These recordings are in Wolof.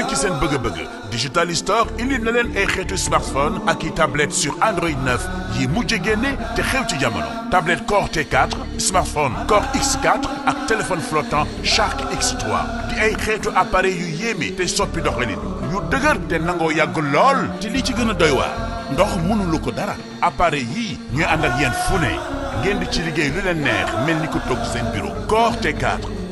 leen ci seen bëgg-bëgg digital store indil na leen ay xeetu smartphone ak i tablette sur Android 9 yi mujj génne te xew ci jamono tablette Core T4 smartphone Core X4 ak téléphone flottant Shark X3 di ay xeetu appareil yu yéeme te soppi doxalin yu dëgër te nangoo yàgg lool te li ci gën a doy waar ndox mënulu ko dara appareil yi ñu ànd ak yéen fu ne ngeen di ci liggéey lu leen neex mel ni ko toog seen bureau Core T4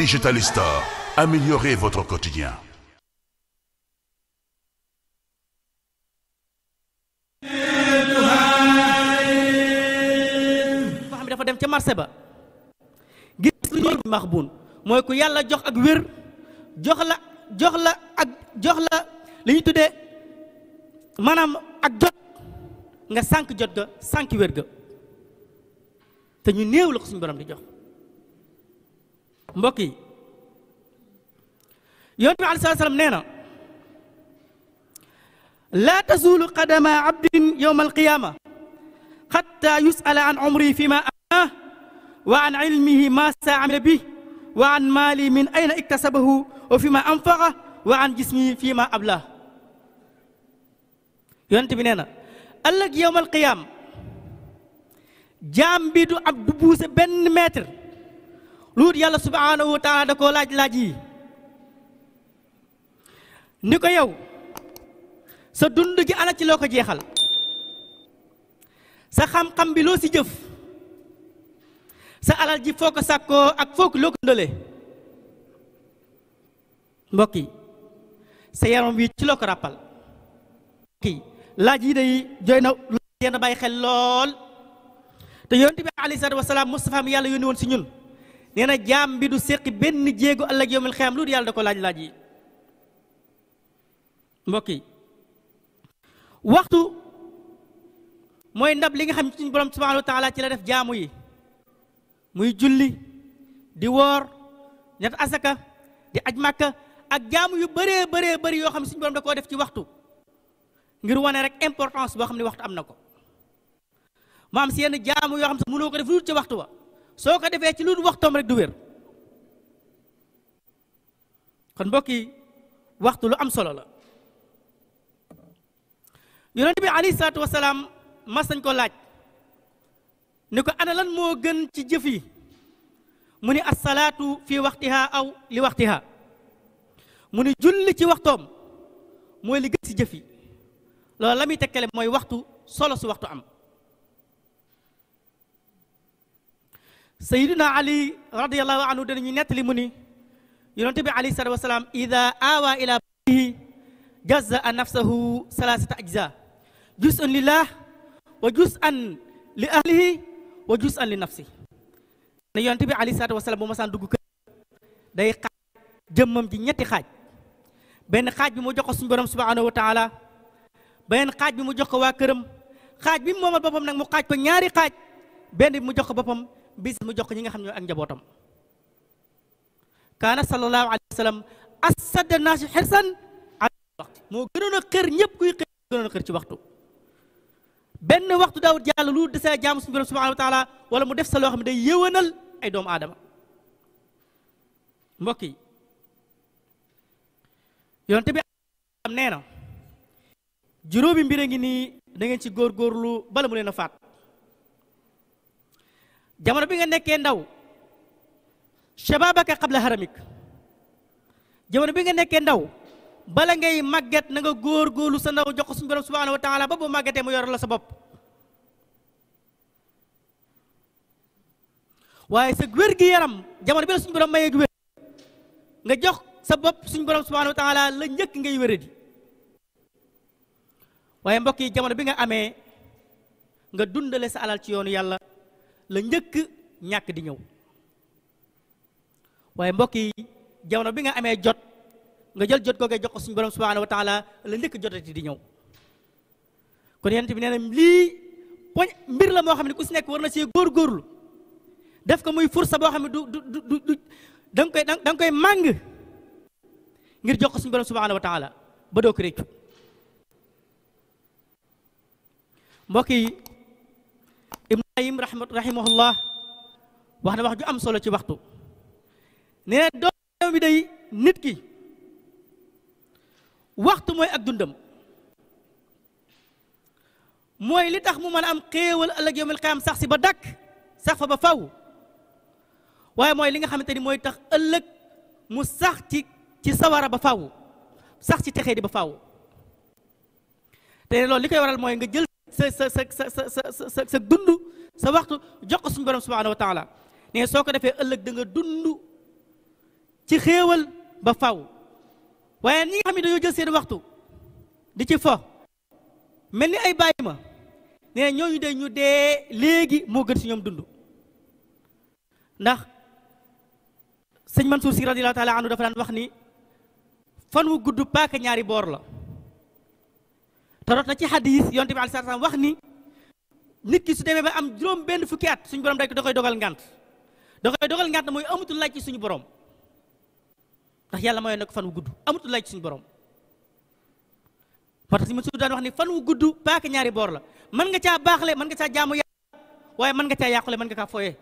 Digital Store, améliorez votre quotidien. dafa dem ca marché ba gis lu ñuy maxbuun mooy ku yàlla jox ak wér jox la jox la ak jox la li ñu tuddee maanaam ak jot nga sànq jot ga sànq wér ga te ñu néew la ko suñu borom di jox mbokk yi yonent bi aleyhi salaam nee na laa tazuulu qadama abdin yowma alqiyaama xatta yusala an umri fi ma ah wa an ilmihi ma saamila bi wa an maali min ayna iktasabahu wa fi ma anfaqa wa an jismi fi ma abla yonent bi nee na ëllëg yowma alqiyaama jaam bi du ab du buuse benn mètre luut yàlla subhaanahu wa taala da koo laaj laaj yi ni ko yow sa dund gi ana ci loo ko jeexal sa xam-xam bi loo si jëf sa alal ji foo ko sàkkoo ak foo ko loo ko ndale mbokk yi sa yaram wi ci loo ko ràppal mbokk laaj yi day jooy na lu yéen a bàyyi xel lool te yonent bi alayhi salaatu wasalaam Mustafa mi yàlla yónni woon si ñun nee na jaam bi du séqi benn jéego ëllëg yowmil xiyaam lu yàlla da ko laaj-laaj yi mbokk yi waxtu mooy ndab li nga xam ne suñu borom subhanahu wa taala ci la def jaamu yi muy julli di woor ñett asaka di aj màkka ak jaamu yu bëree bare bari yoo xam ne suñu borom da koo def ci waxtu ngir wane rek importance boo xam ne waxtu am na ko mu am si jaamu yoo xam ne mënoo ko def lu dul ci waxtu wa soo ko defee ci lu waxtoom rek du wér kon mbokk yi waxtu lu am solo la yonent bi alayhi salaatu wasalaam mas ko laaj ni ko ana lan moo gën ci jëf yi mu ni assalaatu fi waxtiha aw li waxtiha mu ni julli ci waxtoom mooy li gën ci jëf yi loolu la muy tekkale mooy waxtu solo su waxtu am sayyiduna ali radiallahu anhu danañu nettali mu ni yonente bi alayhi salatu wasalaam ida awa ila batihi jazza nafsahu salasata ajza jus an lillah wa jus an li ahlihi wa jus an li nafsi ne bi alayhi salatu wasalaam bu masaan dugg kër day xaaj ji ñetti xaaj benn xaaj bi mu jox ko suñu borom subhanahu wa taala benn xaaj bi mu jox ko waa këram xaaj bi mu moomal boppam nag mu xaaj ko ñaari xaaj benn bi mu jox ko boppam bis mu jox ko ñi nga xam ne ak njabootam kaana sallallahu alayhi wa sallam asad naasi moo gënoon a xër ñëpp kuy xër ci waxtu benn waxtu daawut jàll lu desee jaamu suñu borom subhanahu wala mu def sa loo xam ne day yëwanal ay doomu aadama mbokk yi yonte bi am nee na juróomi mbir a ngi nii da ngeen ci góorgóorlu bala mu leen a faat jamono bi nga nekkee ndaw shababaka qabla haramik jamono bi nga nekkee ndaw bala ngay màgget na nga góor-góorlu sa ndaw jox ko suñu borom subhanahu wa ba boo màggetee mu yor la sa bopp waaye sa wér gi yaram jamono bi la suñu borom mayee wér jox sa bopp suñu borom subhanahu wa taala la njëkk ngay wéradi waaye mbokk yi jamono bi nga amee nga dundale sa alal ci yoonu yàlla la njëkk ñàkk di ñëw waaye mbokk yi jamono bi nga amee jot nga jël jot googee jox ko suñu borom subhanahu wa taala la njëkk jotati di ñëw kon yonent bi nee na lii poñ mbir la moo xam ne ku si nekk war na see góorlu def ko muy fursa boo xam ne du du du du koy da koy màng ngir jox ko suñu borom subhanahu wa ba doo ko réccu mbokk Qayyim rahimahullah wax na wax ju am solo ci waxtu nee na doomu day nit ki waxtu mooy ak dundam mooy li tax mu mën a am xéewal ëllëg yawmal qiyaam sax si ba dakk sax fa ba faw waaye mooy li nga xamante ni mooy tax ëllëg mu sax ci ci sawara ba faw sax ci texe di ba faw te loolu li koy waral mooy nga jël sa sa sa sa sa sa sa dund sa waxtu jox ko suñu borom subhanahu wa taala ne soo ko defee ëllëg da nga dund ci xéewal ba faw waaye ñi nga xam ne dañoo jël seen waxtu di ci fo mel ni ay bàyyi ma ne ñooñu de ñu dee léegi moo gën ci ñoom dund ndax sëñ Mansuur Si radiyallaahu taala anhu dafa daan wax ni fan wu gudd paaka ñaari boor la te rot na ci xadiis yonte bi aleyhi salaam wax ni nit ki su demee ba am juróom benn fukki at suñu borom da koy dogal ngant da koy dogal ngant mooy amatul laaj ci suñu borom ndax yàlla mayoon na ko fan wu gudd amatul laaj ci suñu borom. moo tax si ma su daan wax ni fan wu gudd paaka ñaari boor la man nga caa baaxle mën nga caa jaamu yàlla waaye mën nga caa yàqule mën nga kaa foyee.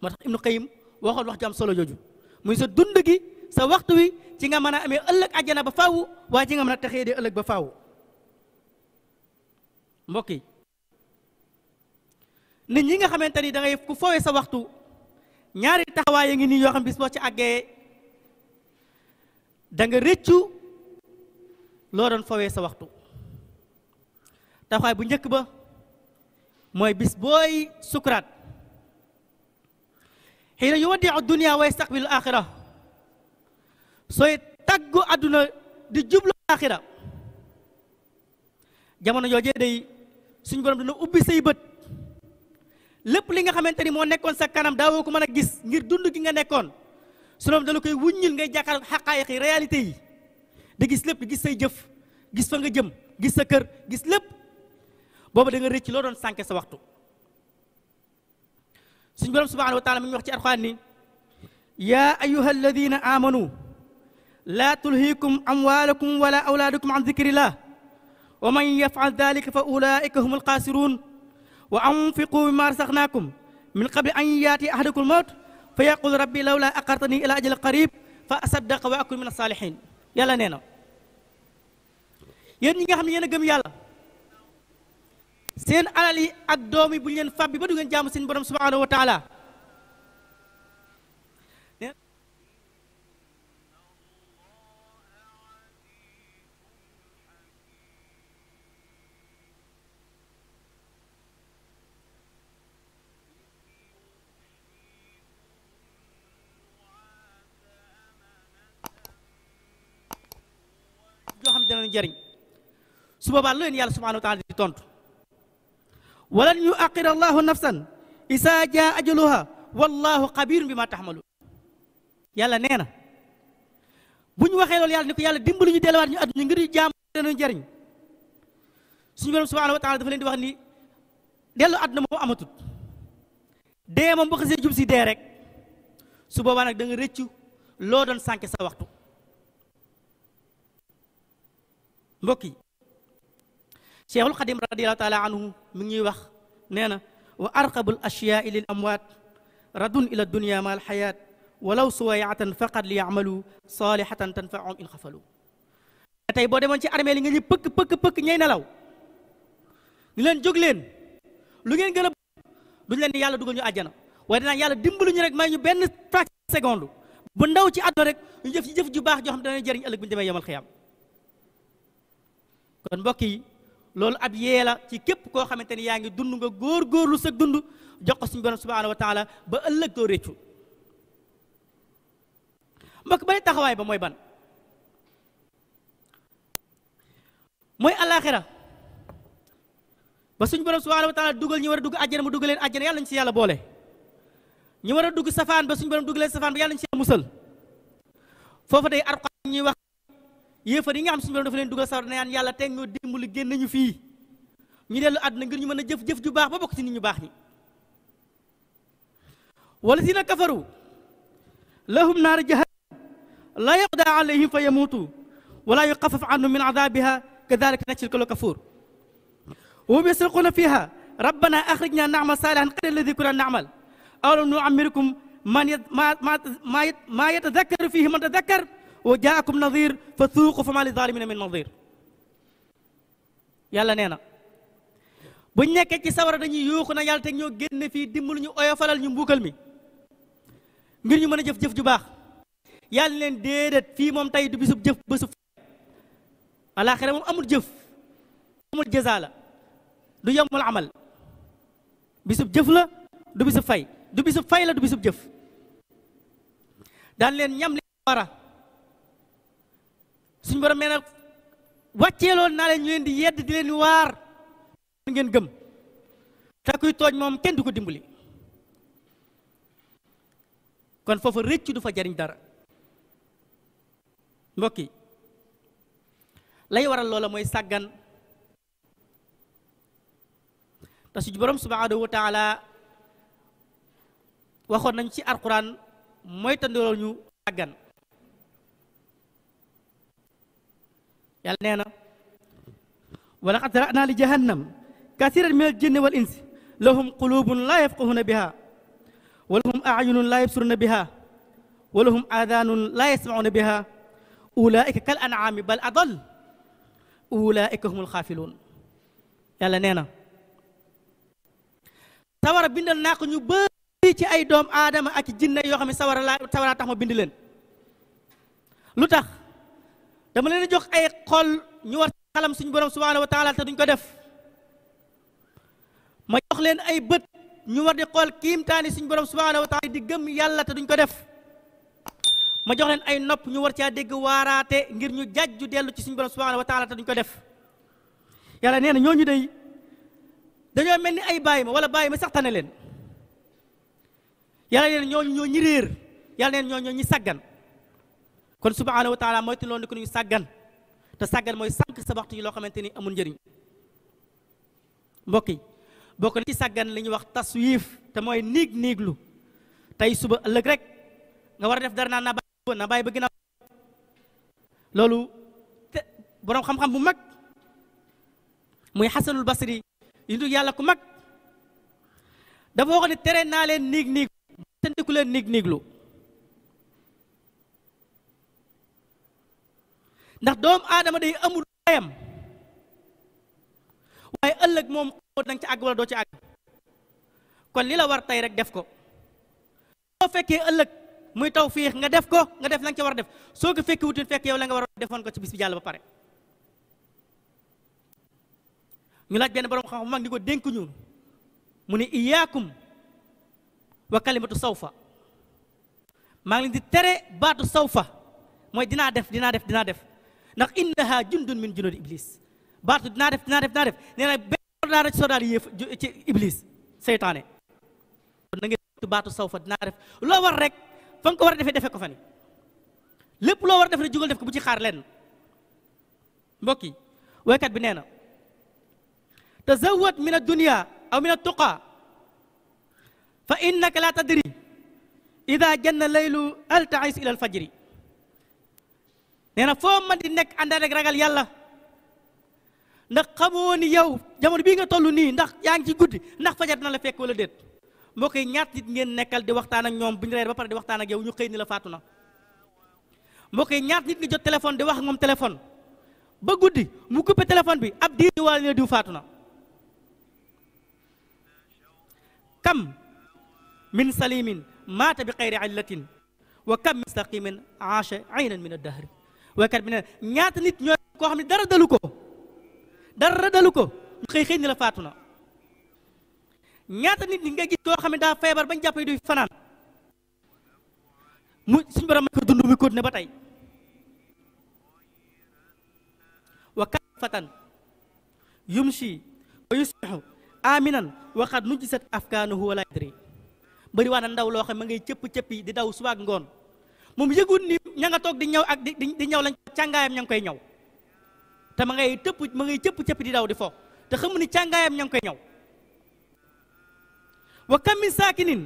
moo tax nu Qayyim waxoon wax ju am solo jooju muy sa dund gi sa waxtu wi ci nga mën a amee ëllëg àjjana ba faaw waaye ci nga mën a texee de ëllëg ba faaw. mbokk yi nit ñi nga xamante ni da ngay ku foowee sa waxtu ñaari taxawaay ya ngi nii yoo xam bis boo ci àggee danga nga rëccu loo doon foowee sa waxtu taxawaay bu njëkk ba mooy bis booy sukuraat xiina yuwaddiu dunia wa yastaqbilu axira sooy tàggu àdduna di jublu axira jamono joojee day suñu borom dina ubbi say bët lépp li nga xamante ni moo nekkoon sa kanam daawoo ko mën a gis ngir dund gi nga nekkoon suñu borom dala koy wuññil ngay jàkkaarloo xaqaayiq yi réalité yi di gis lépp di gis say jëf gis fa nga jëm gis sa kër gis lépp boobu da nga rëcc loo doon sànke sa waxtu suñu borom subhanahu wa taala mi ngi wax ci alxuraan ni yaa ayuha alladina amanu laa tulhikum amwalukum wala awlaadukum an dikrillah wa man yafal dalika fa ulaika humul xaasiruun wa anfiqu mimma razaqnaakum min qabli an yaati ahadakum mawt fa yaqul rabbi lawla aqartani ila ajal qarib fa asaddaqa wa akun min asalihin yàlla nee na yéen ñi nga xam ne yéen a gëm yàlla seen alal yi ak doom yi bu ñu leen fàbbi ba du ngeen jaamu seen borom subhanahu wa taala leen jariñ su boobaa lu leen yàlla subhanahu wa taala di tontu walan yu aqir allahu nafsan isaa jaa ajaluha wallahu xabirun bi ma taxmalu yàlla nee na bu ñu waxee loolu yàlla ni ko yàlla dimbali ñu delluwaat ñu àdduna ngir jaam leen jariñ suñu borom subhanahu wa taala dafa leen di wax ni dellu àdduna moom amatut dee bu xasee jub dee rek su boobaa rëccu loo doon sànke sa waxtu mbokk yi cheikhul xadim radiallahu taala anhu mi ngi wax nee na wa arqabul ashyaai lil amwaat radun ila dunya ma alxayaat walaw suwayatan faqad li yamalu salihatan tanfaahum in xafalu tey boo demoon ci armée li nga ñu pëkk pëkk pëkk ñay nelaw ñu leen jóg leen lu ngeen gën a duñu leen yàlla dugal ñu àjjana waaye dinaan yàlla dimbalu ñu rek may ñu benn fraction seconde bu ndaw ci àdduna rek ñu jëf ci ju baax joo xam ne dana jëriñ ëllëg bu ñu demee yemal xiyaam kon mbokk yi loolu ab yee la ci képp koo xamante ni yaa ngi dund nga góor góorlu sa dund jox ko suñu borom subhaanahu wa ba ëllëg doo réccu mbokk ba ne taxawaay ba mooy ban mooy alaaxira ba suñu borom subhaanahu wa dugal ñu war a dugg àjjana mu dugg leen àjjana yàlla ñu si yàlla boole ñu war a dugg safaan ba suñu borom dugg leen safaan ba yàlla ñu si yàlla musal foofu day arqaan ñuy wax yéefar yi nga xam suñu borom dafa leen dugal sawar na yaan yàlla teg ñoo dimbali génn nañu fii ñu dellu àdduna ngir ñu mën a jëf jëf ju baax ba bokk ci nit ñu baax ñi wala si na kafaru lahum naaru jahannam laa yuqdaa alayhim fa yamuutu wala yuxafaf anhum min adaabiha kadalika najzil kulla kafuur wahum yasriquuna fiiha rabbana axrijna naamal saalihan xayra alladi kunna naamal aw lam nuammirkum man maa yatadakkaru fiihi man tadakkar wa jaakum nadir fa suuqu fa ma li zalimina min nadir yàlla nee na buñ nekkee ci sawar dañuy yuuxu na yàlla te ñoo génn fii dimbalu ñu oyofalal ñu mbugal mi ngir ñu mën a jëf-jëf ju baax yàll leen déedéet fii moom tey du bisub jëf bésub moom amul jëf amul jëza la du yomul amal bisub jëf la du fay du bisub fay la du bisub jëf daan leen ñam li wara suñu borom nee na wàcceeloon naa leen ñu leen di yedd di leen waar ngeen gëm te kuy tooñ moom kenn du ko dimbali kon foofa rëcc du fa jariñ dara mbokk yi lay waral loola mooy sàggan te suñu borom subhanahu wa taala waxoon nañ ci alquran mooy tandiloo ñu sàggan yàlla nee na wa laqad zara'naa li jahannam kasiran min al jinni wal insi lahum qulubun laa yafqahuuna biha wa lahum ayunun laa yabsuruuna biha wa lahum aadanun laa yasmacuuna biha ulaika kal an'aami bal adall ulaika humul xaafiluun yàlla nee na sawara bindal naa ko ñu bëri ci ay doom aadama ak jinne yoo xam ne sawara laa sawara tax ma bind leen lu tax dama leen jox ay xol ñu war xalam suñu borom subhaanahu wa taala te duñ ko def ma jox leen ay bët ñu war di xool kiimtaani suñu borom subhaanahu wa taala di gëm yàlla te ko def ma jox leen ay nopp ñu war caa dégg waaraate ngir ñu jàjju dellu ci suñu borom subhaanahu wa taala te duñ ko def yàlla nee ñoo ñu day dañoo mel ni ay bàyyi ma wala bàyyi ma sax leen yàlla nee na ñooñu ñoo ñi réer yàlla nee na ñooñu ñoo ñi saggan kon subhaanahu wa taala mooy te loolu ko ñuy sàggan te sàggan mooy sànq sa waxtu yi loo xamante ni amul njëriñ mbokk yi bokk na ci sàggan li ñuy wax taswiif te mooy niig niiglu tey suba ëllëg rek nga war a def dara naan naa bàyyi suba naa bàyyi ba ginnaaw loolu te boroom xam-xam bu mag muy xasanul basri yu dul yàlla ku mag dafa wax ne tere naa leen niig niig te ndiku leen niig niiglu ndax doomu aadama day amul ayam waaye ëllëg moom xamoo danga ci àgg wala doo ci àgg kon lii la war tey rek def ko soo fekkee ëllëg muy taw fiix nga def ko nga def la nga ci war a def soo ko fekkee wutin fekk yow la nga war a defoon ko ci bis bi jàll ba pare ñu laaj benn borom xam-xam mag ni ko dénk ñu mu ne iyaakum wa kalimatu sawfa maa ngi leen di tere baatu sawfa mooy dinaa def dinaa def dinaa def ndax innaha jundun min junoodi iblis baatu dinaa def dinaa def dinaa def nee na benn soldaar ci soldaar yéef ci iblis seytaane kon na ngeen baatu saw fa dinaa def loo war rek fa nga ko war a defee defee ko fa ni loo war def rek jugal def ko bu ci xaar lenn mbokk yi waykat bi nee na tazawwad min ad-dunya aw min at-tuqa fa innaka la tadri ida janna laylu al taais ila al nee foo man di nekk ànd rek ragal yàlla ndax xamoo ni yow jamono bii nga toll nii ndax yaa ngi ci guddi ndax fajar dina la fekk wala déet mbokk yi ñaat nit ngeen nekkal di waxtaan ak ñoom bu ñu reer ba pare di waxtaan ak ñu xëy ni la faatu na mbokk yi ñaat nit nga jot téléphone di wax moom téléphone ba guddi mu coupé téléphone bi ab diir wala ne diw faatu na kam min salimin maata bi xayri illatin wa kam min mustaqimin aasha aynan min waykat bi ne ñaata nit ñoo koo xam ni dara dalu ko dara dalu ko ñu xëy xëy ni la faatu na ñaata nit ñi nga gis koo xam ne daa feebar bañ jàpp ne duy fanaan mu suñu borom may ko dund muy continuer ba tey wa kat fatan yumshi wa yusbihu aminan waxaat nujisat afkaanuhu wala yadri bëri waa na ndaw loo xam ma ngay cëpp-cëpp yi di daw subaak ngoon moom yëgul ni ña nga toog di ñëw ak di di ñëw lañ càngaayam ña ngi koy ñaw te ma ngay tëpp ma ngay cëpp cëpp di daw di fo te xamu ni càngaayam ña ngi koy ñëw wa kam min saakinin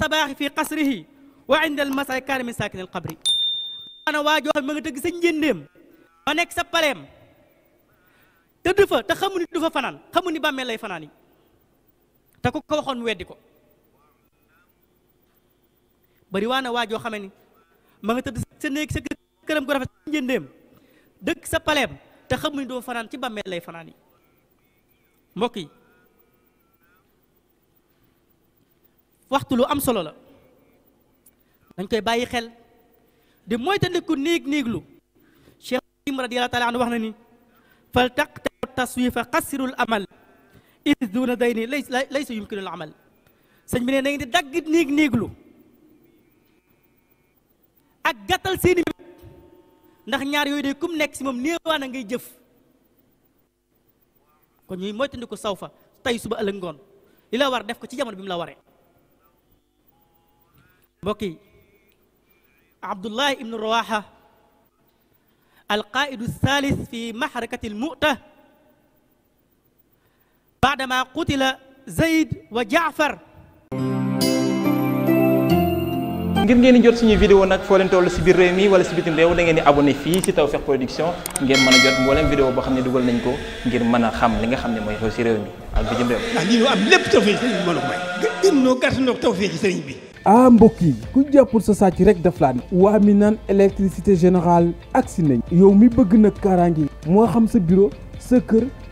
sabaaxi fi qasrihi wa inda al masay kaana min saakinin al qabri maanaam waa joo xam ma nga dëgg sa njëndéem ma nekk sa paleem tëdd fa te xamu ni fanaan xamu ni bàmmeel lay fanaan yi te ku ko waxoon weddi ko bari waa na waa joo xame ni ma nga tëdd sa néeg sa këram ko rafet sa njëndéem dëkk sa paleem te xamuñ doo fanaan ci bàmmeel lay fanaani yi mbokk yi waxtu lu am solo la dañ koy bàyyi xel di moytandiku néeg néeglu cheikh ibrahim radiyallahu wax na ni fal taqtaru taswifa qasirul amal is duna day ni lay laysa yumkinu al amal sëñ bi ne na ngeen di dagg néeg néeglu ak gàttal seeni ndax ñaar yooyu de kum nekk si moom néewaana ngay jëf kon ñuy moytandiku saw fa tey suba ëllëg ngoon li la war def ko ci jamono bi mu la waree mbokk yi abdullahi ibnu rawaha alqaidu thalith fi maxrakati almuta baadama qutila zayd wa jaafar ngir ngeen di jot suñuy vidéo nag foo leen toll si biir réew mi wala si bitim réew da ngeen di abonné fii si Tawfekh Production ngeen mën a jot mboolem vidéo boo xam ne dugal nañ ko ngir mën a xam li nga xam ne mooy xew si réew mi ak bitim réew. ndax lii ñu am lépp Tawfekh sëriñ sëriñ bi. ah mbokk ku jàppul sa sàcc rek daf laa ne. waa mi naan électricité générale agsi nañ. yow mi bëgg nag kaaraange moo xam sa bureau sa kër